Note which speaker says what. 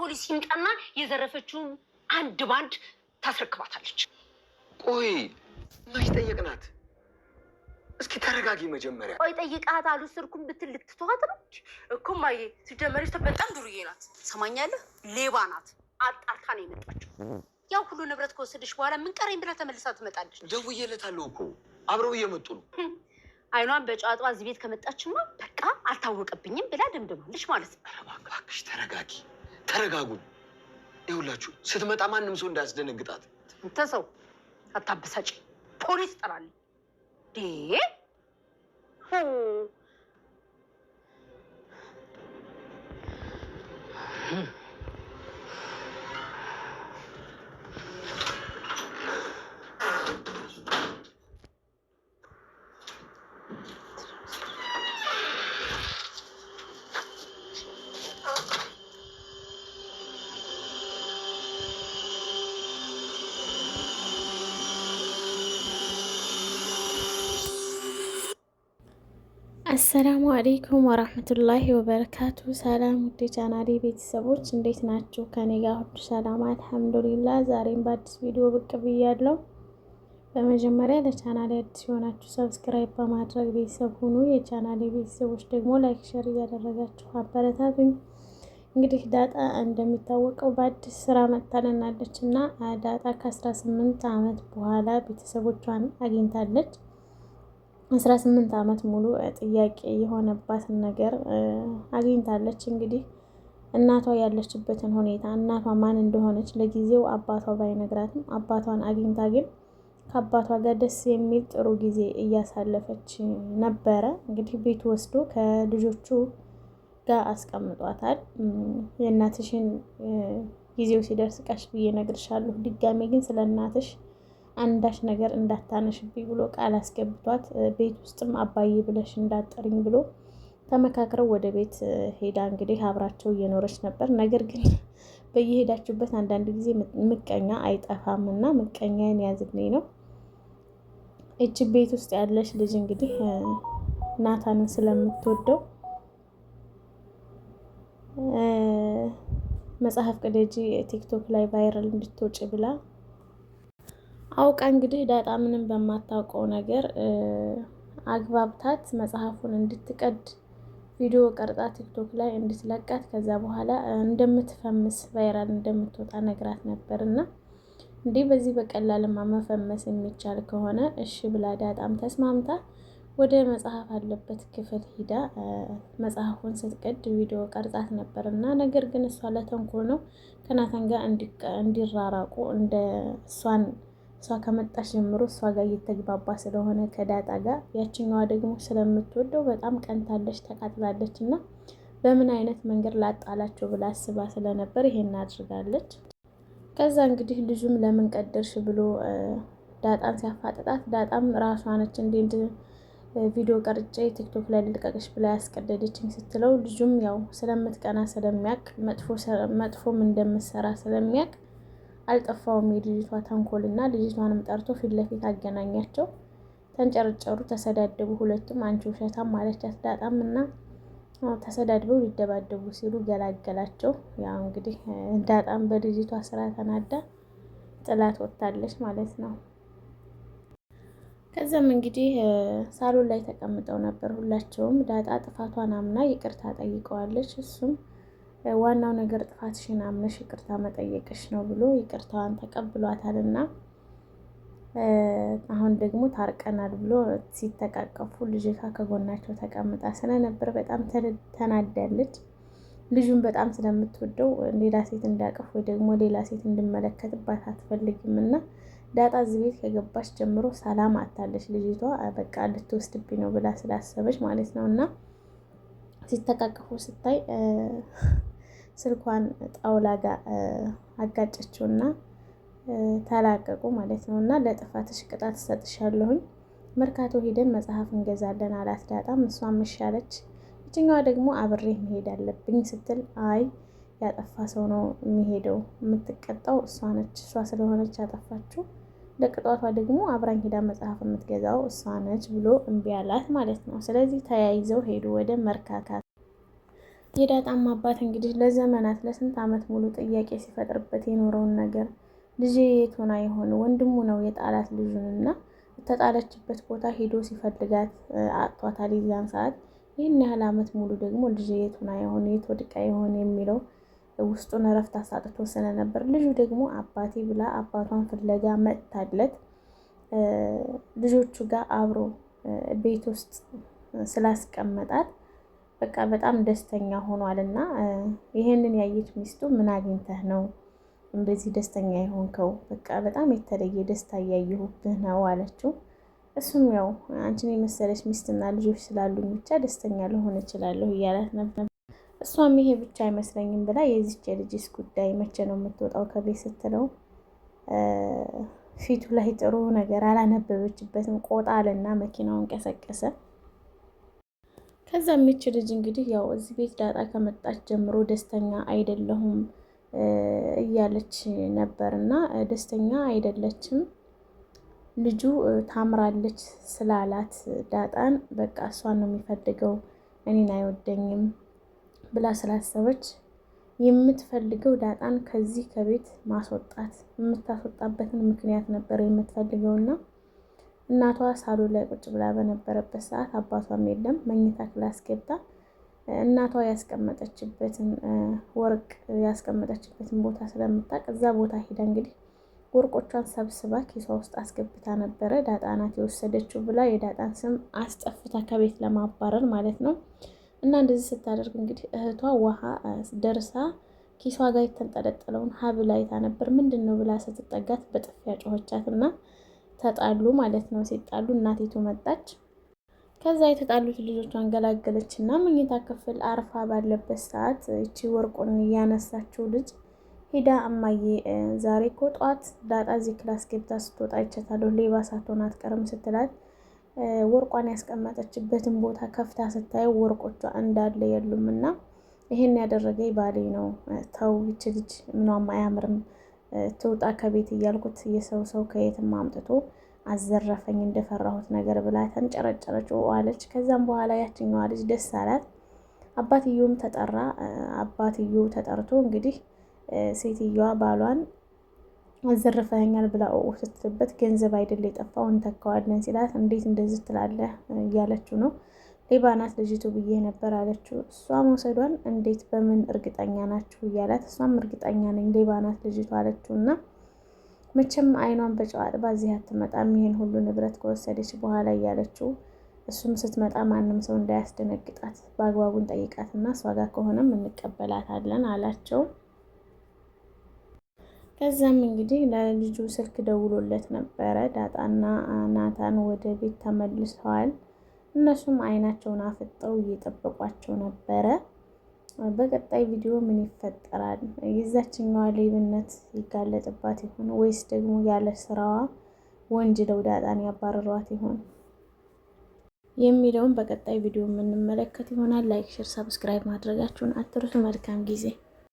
Speaker 1: ፖሊስ ይምጣና የዘረፈችውን አንድ ባንድ ታስረክባታለች።
Speaker 2: ቆይ ማሽ ጠየቅናት? እስኪ ተረጋጊ መጀመሪያ።
Speaker 1: ቆይ ጠይቃት አሉ አልወሰድኩም ብትል ልትተዋት ነው እኮ እማዬ። ሲጀመር በጣም ዱርዬ ናት፣ ሰማኛለህ? ሌባ ናት። አጣርታ ነው የመጣችው። ያው ሁሉ ንብረት ከወሰደች በኋላ ምን ቀረኝ ብላ ተመልሳ ትመጣለች።
Speaker 2: ደውዬለታለሁ እኮ አብረው እየመጡ ነው።
Speaker 1: አይኗን በጨዋታዋ እዚህ ቤት ከመጣችማ በቃ አልታወቀብኝም ብላ ደምድማለች ማለት ነው።
Speaker 2: እባክሽ ተረጋጊ። ተረጋጉ። ይኸውላችሁ ስትመጣ ማንም ሰው እንዳያስደነግጣት።
Speaker 1: አንተ ሰው አታበሳጭ፣ ፖሊስ ጠራልኝ።
Speaker 3: አሰላሙ አሌይኩም ወራህመቱላሂ ወበረካቱ። ሰላም ውድ ቻናሌ ቤተሰቦች እንዴት ናችሁ? ከኔ ጋር ሁሉ ሰላም አልሐምዱሊላ። ዛሬም በአዲስ ቪዲዮ ብቅ ብያለሁ። በመጀመሪያ ለቻናሌ አዲስ የሆናችሁ ሰብስክራይብ በማድረግ ቤተሰብ ሁኑ። የቻናሌ ቤተሰቦች ደግሞ ላይክ፣ ሸር እያደረጋችሁ አበረታቱኝ። እንግዲህ ዳጣ እንደሚታወቀው በአዲስ ስራ መጥታለናለች እና ዳጣ ከአስራ ስምንት አመት በኋላ ቤተሰቦቿን አግኝታለች። አስራ ስምንት ዓመት ሙሉ ጥያቄ የሆነባት ነገር አግኝታለች። እንግዲህ እናቷ ያለችበትን ሁኔታ እናቷ ማን እንደሆነች ለጊዜው አባቷ ባይነግራትም አባቷን አግኝታ ግን ከአባቷ ጋር ደስ የሚል ጥሩ ጊዜ እያሳለፈች ነበረ። እንግዲህ ቤት ወስዶ ከልጆቹ ጋር አስቀምጧታል። የእናትሽን ጊዜው ሲደርስ ቀሽ ብዬ እነግርሻለሁ፣ ድጋሜ ግን ስለ እናትሽ አንዳች ነገር እንዳታነሽብኝ ብሎ ቃል አስገብቷት ቤት ውስጥም አባዬ ብለሽ እንዳጠርኝ ብሎ ተመካክረው ወደ ቤት ሄዳ እንግዲህ አብራቸው እየኖረች ነበር። ነገር ግን በየሄዳችሁበት አንዳንድ ጊዜ ምቀኛ አይጠፋም እና ምቀኛን ያዝልኝ ነው። እጅ ቤት ውስጥ ያለች ልጅ እንግዲህ ናታንን ስለምትወደው መጽሐፍ ቅደጂ ቲክቶክ ላይ ቫይራል እንድትወጪ ብላ አውቃ እንግዲህ ዳጣ ምንም በማታውቀው ነገር አግባብታት መጽሐፉን እንድትቀድ ቪዲዮ ቀርጻ ቲክቶክ ላይ እንድትለቃት ከዛ በኋላ እንደምትፈምስ ቫይራል እንደምትወጣ ነግራት ነበር እና እንዲህ በዚህ በቀላልማ መፈመስ የሚቻል ከሆነ እሺ ብላ ዳጣም ተስማምታ ወደ መጽሐፍ አለበት ክፍል ሂዳ መጽሐፉን ስትቀድ ቪዲዮ ቀርጻት ነበር እና ነገር ግን እሷ ለተንኮል ነው ከናታን ጋር እንዲራራቁ እንደ እሷን እሷ ከመጣች ጀምሮ እሷ ጋር እየተግባባ ስለሆነ ከዳጣ ጋር ያችኛዋ ደግሞ ስለምትወደው በጣም ቀንታለች፣ ተቃጥላለች እና በምን አይነት መንገድ ላጣላቸው ብላ አስባ ስለነበር ይሄን አድርጋለች። ከዛ እንግዲህ ልጁም ለምን ቀደርሽ ብሎ ዳጣን ሲያፋጥጣት ዳጣም ራሷ ነች እንዴት ቪዲዮ ቀርጬ ቲክቶክ ላይ ልልቀቅሽ ብላ ያስቀደደችኝ ስትለው ልጁም ያው ስለምትቀና ስለሚያውቅ መጥፎም እንደምሰራ ስለሚያውቅ አልጠፋውም የልጅቷ ተንኮል እና ልጅቷንም ጠርቶ ፊት ለፊት አገናኛቸው። ተንጨርጨሩ፣ ተሰዳደቡ። ሁለቱም አንቺ ውሸታም ማለቻት ዳጣም እና ተሰዳድበው ሊደባደቡ ሲሉ ገላገላቸው። ያው እንግዲህ ዳጣም በልጅቷ ስራ ተናዳ ጥላት ወጥታለች ማለት ነው። ከዚም እንግዲህ ሳሎን ላይ ተቀምጠው ነበር ሁላቸውም። ዳጣ ጥፋቷን አምና ይቅርታ ጠይቀዋለች እሱም ዋናው ነገር ጥፋትሽን አምነሽ ይቅርታ መጠየቅሽ ነው ብሎ ይቅርታዋን ተቀብሏታል እና አሁን ደግሞ ታርቀናል ብሎ ሲተቃቀፉ ልጅቷ ከጎናቸው ተቀምጣ ስለነበር በጣም ተናዳለች። ልጁን በጣም ስለምትወደው ሌላ ሴት እንዳቀፍ ወይ ደግሞ ሌላ ሴት እንድመለከትባት አትፈልግም እና ዳጣ እዚህ ቤት ከገባች ጀምሮ ሰላም አታለች ልጅቷ በቃ ልትወስድብኝ ነው ብላ ስላሰበች ማለት ነው እና ሲተቃቀፉ ስታይ ስልኳን ጣውላ ጋር አጋጨችውና ተላቀቁ ማለት ነው። እና ለጥፋትሽ ቅጣት እሰጥሻለሁኝ መርካቶ ሄደን መጽሐፍ እንገዛለን አላት ዳጣም። እሷ እሻለች። ይችኛዋ ደግሞ አብሬ መሄድ አለብኝ ስትል አይ ያጠፋ ሰው ነው የሚሄደው፣ የምትቀጣው እሷ ነች። እሷ ስለሆነች ያጠፋችው ለቅጣቷ ደግሞ አብራኝ ሄዳ መጽሐፍ የምትገዛው እሷ ነች ብሎ እምቢ አላት ማለት ነው። ስለዚህ ተያይዘው ሄዱ ወደ መርካካ የዳጣም አባት እንግዲህ ለዘመናት ለስንት ዓመት ሙሉ ጥያቄ ሲፈጥርበት የኖረውን ነገር ልጄ የት ሆና የሆነ ወንድሙ ነው የጣላት ልጁን እና ተጣለችበት ቦታ ሄዶ ሲፈልጋት አጥቷታል። የዛን ሰዓት ይህን ያህል ዓመት ሙሉ ደግሞ ልጄ የት ሆና የሆነ የት ወድቃ የሆነ የሚለው ውስጡን እረፍት አሳጥቶ ስለነበር ልጁ ደግሞ አባቴ ብላ አባቷን ፍለጋ መጥታለት ልጆቹ ጋር አብሮ ቤት ውስጥ ስላስቀመጣት በቃ በጣም ደስተኛ ሆኗል። እና ይሄንን ያየች ሚስቱ ምን አግኝተህ ነው እንደዚህ ደስተኛ የሆንከው? በቃ በጣም የተለየ ደስታ እያየሁብህ ነው አለችው። እሱም ያው አንቺን የመሰለች ሚስትና ልጆች ስላሉኝ ብቻ ደስተኛ ልሆን እችላለሁ እያላት ነበር። እሷም ይሄ ብቻ አይመስለኝም ብላ የዚች የልጅስ ጉዳይ መቼ ነው የምትወጣው ከቤት ስትለው ፊቱ ላይ ጥሩ ነገር አላነበበችበትም። ቆጣ አለና መኪናውን ቀሰቀሰ። ከዛ የምች ልጅ እንግዲህ ያው እዚህ ቤት ዳጣ ከመጣች ጀምሮ ደስተኛ አይደለሁም እያለች ነበር እና ደስተኛ አይደለችም። ልጁ ታምራለች ስላላት ዳጣን በቃ እሷን ነው የሚፈልገው እኔን አይወደኝም ብላ ስላሰበች የምትፈልገው ዳጣን ከዚህ ከቤት ማስወጣት የምታስወጣበትን ምክንያት ነበር የምትፈልገውና እናቷ ሳሎን ላይ ቁጭ ብላ በነበረበት ሰዓት አባቷም የለም። መኝታ ክላስ ገብታ እናቷ ያስቀመጠችበትን ወርቅ ያስቀመጠችበትን ቦታ ስለምታውቅ እዛ ቦታ ሄዳ እንግዲህ ወርቆቿን ሰብስባ ኪሷ ውስጥ አስገብታ ነበረ። ዳጣናት የወሰደችው ብላ የዳጣን ስም አስጠፍታ ከቤት ለማባረር ማለት ነው። እና እንደዚህ ስታደርግ እንግዲህ እህቷ ውሃ ደርሳ ኪሷ ጋር የተንጠለጠለውን ሀብል አይታ ነበር። ምንድን ነው ብላ ስትጠጋት በጥፊያ ጮኸቻት እና ተጣሉ ማለት ነው። ሲጣሉ እናቲቱ መጣች። ከዛ የተጣሉት ልጆቿን ገላገለች እና መኝታ ክፍል አርፋ ባለበት ሰዓት እቺ ወርቁን ያነሳችው ልጅ ሄዳ እማዬ ዛሬ እኮ ጠዋት ዳጣ እዚህ ክላስ ገብታ ስትወጣ ይቻታለሁ ሌባ ሳትሆን አትቀርም ስትላት ወርቋን ያስቀመጠችበትን ቦታ ከፍታ ስታየው ወርቆቿ እንዳለ የሉም እና ይሄን ያደረገ ባሌ ነው። ተው ይች ልጅ ምኗም አያምርም ትውጣ ከቤት እያልኩት የሰው ሰው ከየትም አምጥቶ አዘረፈኝ እንደፈራሁት ነገር ብላ ተንጨረጨረች አለች። ከዛም በኋላ ያችኛዋ ልጅ ደስ አላት። አባትየውም ተጠራ። አባትየው ተጠርቶ እንግዲህ ሴትየዋ ባሏን አዘርፈኛል ብላ ስትልበት ገንዘብ አይደል የጠፋው እንተካዋለን ሲላት እንዴት እንደዚህ ትላለህ እያለችው ነው ሌባናት ልጅቱ ብዬ ነበር አለችው። እሷ መውሰዷን እንዴት በምን እርግጠኛ ናችሁ እያላት፣ እሷም እርግጠኛ ነኝ ሌባናት ናት ልጅቱ አለችው እና መቼም አይኗን በጨው አጥባ እዚህ አትመጣም ይሄን ሁሉ ንብረት ከወሰደች በኋላ እያለችው እሱም ስትመጣ ማንም ሰው እንዳያስደነግጣት በአግባቡን ጠይቃት እና እሷ ጋር ከሆነም እንቀበላታለን አላቸው። ከዛም እንግዲህ ለልጁ ስልክ ደውሎለት ነበረ። ዳጣና ናታን ወደ ቤት ተመልሰዋል። እነሱም አይናቸውን አፍጠው እየጠበቋቸው ነበረ። በቀጣይ ቪዲዮ ምን ይፈጠራል? የዛችኛዋ ሌብነት ይጋለጥባት ይሆን ወይስ ደግሞ ያለ ስራዋ ወንጅለው ዳጣን ያባረሯት ይሆን የሚለውን በቀጣይ ቪዲዮ የምንመለከት ይሆናል። ላይክ፣ ሼር፣ ሰብስክራይብ ማድረጋችሁን አትርሱ። መልካም ጊዜ